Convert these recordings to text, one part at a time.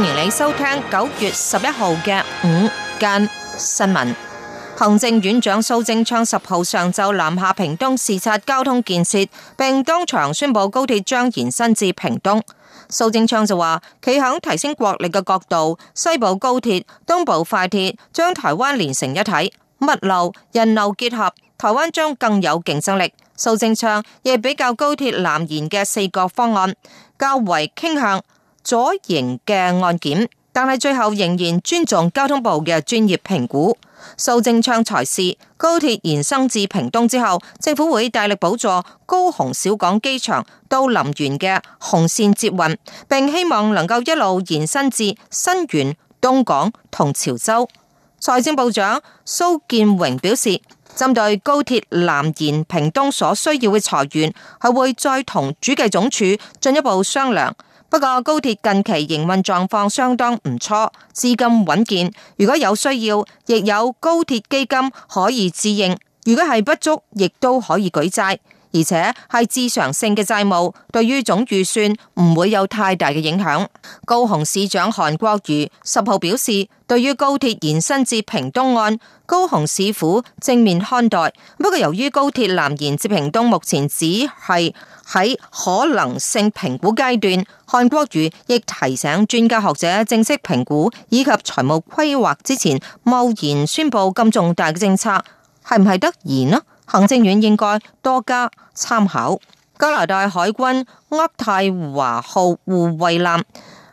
歡迎你收聽九月十一號嘅午間新聞。行政院長蘇貞昌十號上晝南下屏東視察交通建設，並當場宣布高鐵將延伸至屏東。蘇貞昌就話，企響提升國力嘅角度，西部高鐵、東部快鐵將台灣連成一體，物流人流結合，台灣將更有競爭力。蘇貞昌亦比較高鐵南延嘅四個方案，較為傾向。咗刑嘅案件，但係最後仍然尊重交通部嘅專業評估。蘇貞昌表示，高鐵延伸至屏東之後，政府會大力補助高雄小港機場到林園嘅紅線接運，並希望能夠一路延伸至新園、東港同潮州。財政部長蘇建榮表示，針對高鐵南延屏東所需要嘅財源，係會再同主計總署進一步商量。不過高鐵近期營運狀況相當唔錯，資金穩健。如果有需要，亦有高鐵基金可以支應。如果係不足，亦都可以舉債。而且係自償性嘅債務，對於總預算唔會有太大嘅影響。高雄市長韓國瑜十號表示，對於高鐵延伸至屏東案，高雄市府正面看待。不過由於高鐵南延至屏東目前只係喺可能性評估階段，韓國瑜亦提醒專家學者正式評估以及財務規劃之前，貿然宣佈咁重大嘅政策係唔係得宜呢？行政院應該多加參考。加拿大海軍渥太華號護衛艦，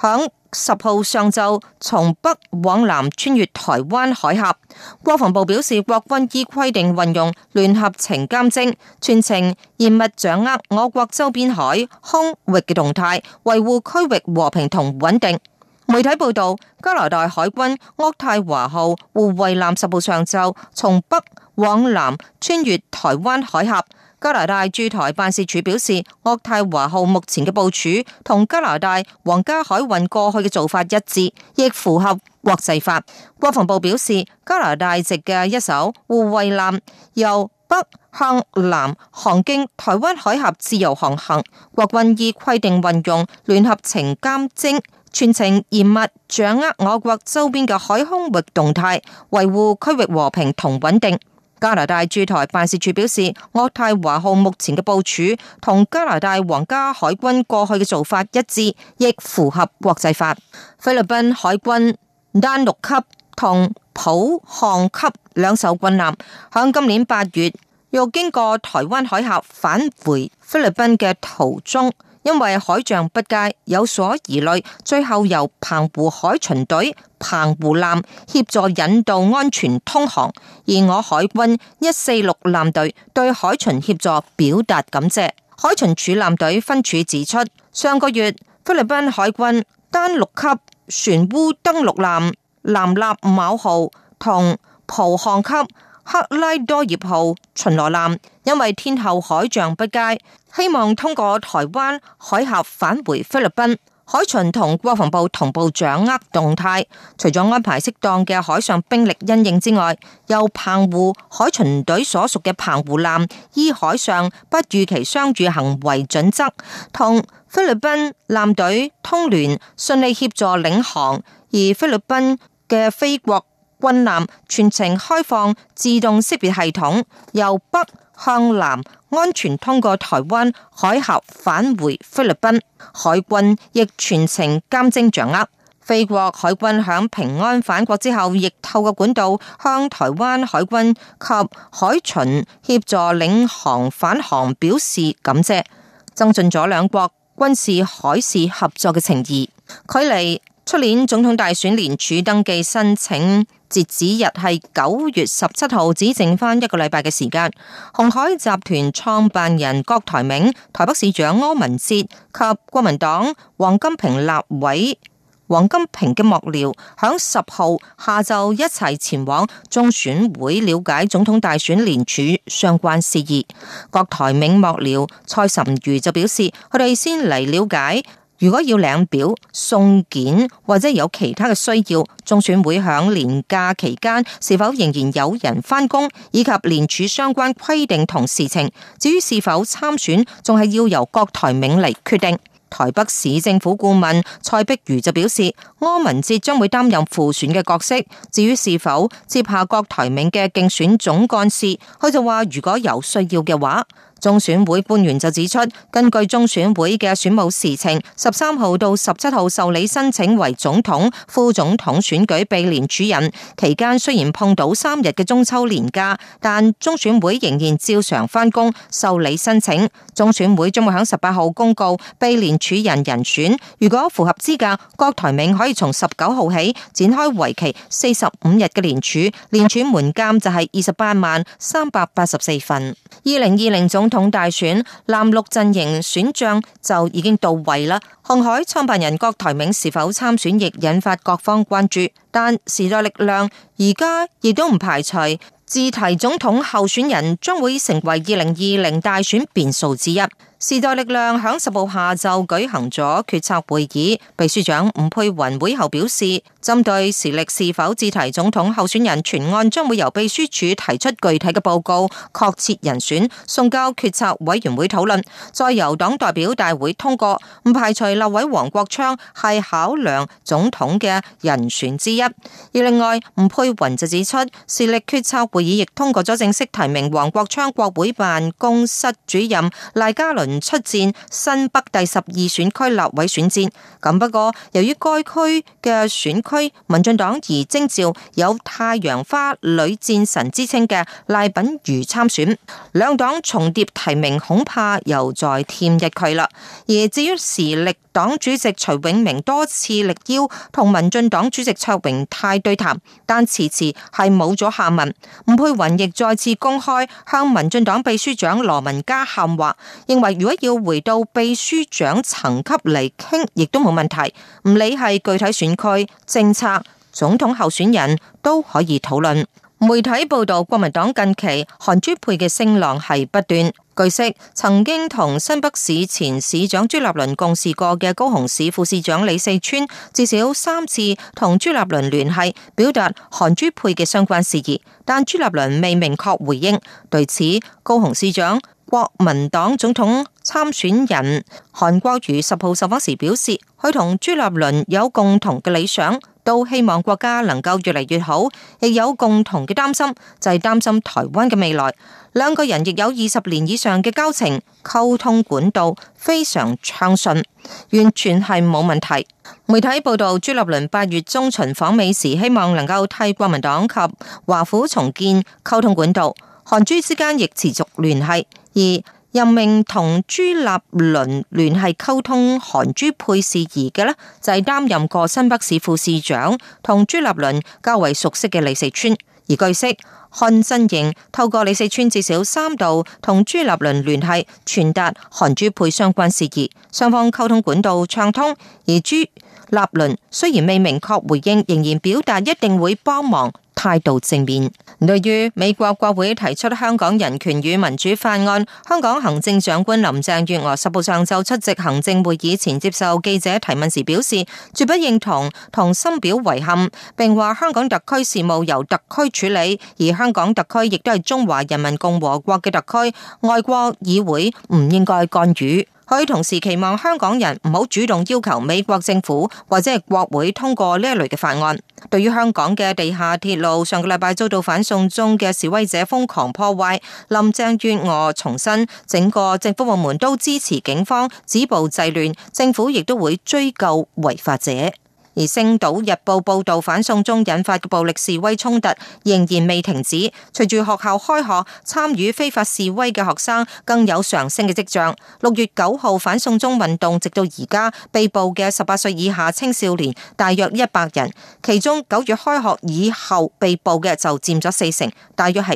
響十號上晝從北往南穿越台灣海峽。國防部表示，國軍依規定運用聯合情監偵，全程嚴密掌握我國周邊海空域嘅動態，維護區域和平同穩定。媒體報道，加拿大海軍渥太華號護衛艦十號上晝從北。往南穿越台灣海峽。加拿大駐台辦事處表示，渥太華號目前嘅部署同加拿大皇家海運過去嘅做法一致，亦符合國際法。國防部表示，加拿大籍嘅一艘護衛艦由北向南航經台灣海峽自由航行，國軍依規定運用聯合情監偵，全程嚴密掌握我國周邊嘅海空域動態，維護區域和平同穩定。加拿大駐台辦事處表示，渥太華號目前嘅部署同加拿大皇家海軍過去嘅做法一致，亦符合國際法。菲律賓海軍單六級同普漢級兩艘軍艦響今年八月又經過台灣海峽返回菲律賓嘅途中，因為海象不佳，有所疑慮，最後由澎湖海巡隊澎湖艦協助引導安全通航，而我海軍一四六艦隊對海巡協助表達感謝。海巡處艦隊分處指出，上個月菲律賓海軍丹六級船塢登陸艦南納卯號同蒲航級克拉多葉號巡邏艦，因為天候海象不佳。希望通過台灣海峽返回菲律賓，海巡同國防部同步掌握動態，除咗安排適當嘅海上兵力因應之外，由澎湖海巡隊所屬嘅澎湖艦依海上不預期相遇行為準則，同菲律賓艦隊通聯，順利協助領航；而菲律賓嘅菲國軍艦全程開放自動識別系統，由北向南。安全通過台灣海峽返回菲律賓，海軍亦全程監徵掌握。菲國海軍響平安返國之後，亦透過管道向台灣海軍及海巡協助領航返航，表示感謝，增進咗兩國軍事海事合作嘅情誼。距離。出年總統大選聯署登記申請截止日係九月十七號，只剩返一個禮拜嘅時間。鴻海集團創辦人郭台銘、台北市長柯文哲及國民黨王金平立委、王金平嘅幕僚響十號下晝一齊前往中選會了解總統大選聯署相關事宜。郭台銘幕僚蔡沁瑜就表示，佢哋先嚟了解。如果要領表送件或者有其他嘅需要，中選會響連假期間是否仍然有人返工，以及連署相關規定同事情，至於是否參選，仲係要由郭台銘嚟決定。台北市政府顧問蔡碧如就表示，柯文哲將會擔任輔選嘅角色，至於是否接下郭台銘嘅競選總幹事，佢就話如果有需要嘅話。中選會官員就指出，根據中選會嘅選務時程，十三號到十七號受理申請為總統、副總統選舉被聯署人期間，雖然碰到三日嘅中秋連假，但中選會仍然照常返工受理申請。中選會將會喺十八號公告被聯署人人選，如果符合資格，郭台銘可以從十九號起展開為期四十五日嘅聯署。聯署門檻就係二十八萬三百八十四份。二零二零總統。統大選，藍綠陣營選將就已經到位啦。鴻海創辦人郭台銘是否參選，亦引發各方關注。但時代力量而家亦都唔排除自提總統候選人，將會成為二零二零大選變數之一。時代力量響十號下晝舉行咗決策會議，秘書長吳佩云會後表示，針對時力是否自提總統候選人，全案將會由秘書處提出具體嘅報告，確切人選送交決策委員會討論，再由黨代表大會通過。唔排除立委黃國昌係考量總統嘅人選之一。而另外，吳佩云就指出，時力決策會議亦通過咗正式提名黃國昌國會辦公室主任賴嘉倫。出戰新北第十二選區立委選戰，咁不過由於該區嘅選區民進黨而徵召有太陽花女戰神之稱嘅賴品妤參選，兩黨重疊提名恐怕又再添一潰啦。而至於時力黨主席徐永明多次力邀同民進黨主席卓榮泰對談，但遲遲係冇咗下文。吳佩雲亦再次公開向民進黨秘書長羅文嘉喊話，認為。如果要回到秘書長層級嚟傾，亦都冇問題。唔理係具體選區、政策、總統候選人都可以討論。媒體報道，國民黨近期韓珠佩韓朱配嘅聲浪係不斷。據悉，曾經同新北市前市長朱立倫共事過嘅高雄市副市長李四川，至少三次同朱立倫聯繫，表達韓朱配嘅相關事宜，但朱立倫未明確回應。對此，高雄市長。國民黨總統參選人韓國瑜十號受訪時表示，佢同朱立倫有共同嘅理想，都希望國家能夠越嚟越好，亦有共同嘅擔心，就係、是、擔心台灣嘅未來。兩個人亦有二十年以上嘅交情，溝通管道非常暢順，完全係冇問題。媒體報道，朱立倫八月中旬訪美時，希望能夠替國民黨及華府重建溝通管道，韓朱之間亦持續聯繫。而任命同朱立倫聯繫溝通韓朱配事宜嘅咧，就係擔任過新北市副市長同朱立倫較為熟悉嘅李四川。而據悉，韓陣營透過李四川至少三度同朱立倫聯繫，傳達韓朱配相關事宜，雙方溝通管道暢通。而朱立倫雖然未明確回應，仍然表達一定會幫忙，態度正面。對於美國國會提出香港人權與民主法案，香港行政長官林鄭月娥十號上晝出席行政會議前接受記者提問時表示，絕不認同，同深表遺憾，並話香港特區事務由特區處理，而香。香港特區亦都係中華人民共和國嘅特區，外國議會唔應該干預。佢同時期望香港人唔好主動要求美國政府或者係國會通過呢一類嘅法案。對於香港嘅地下鐵路上個禮拜遭到反送中嘅示威者瘋狂破壞，林鄭月娥重申，整個政府部門都支持警方止暴制亂，政府亦都會追究違法者。而《星島日報》報導，反送中引發嘅暴力示威衝突仍然未停止。隨住學校開學，參與非法示威嘅學生更有上升嘅跡象。六月九號反送中運動直到而家，被捕嘅十八歲以下青少年大約一百人，其中九月開學以後被捕嘅就佔咗四成，大約係。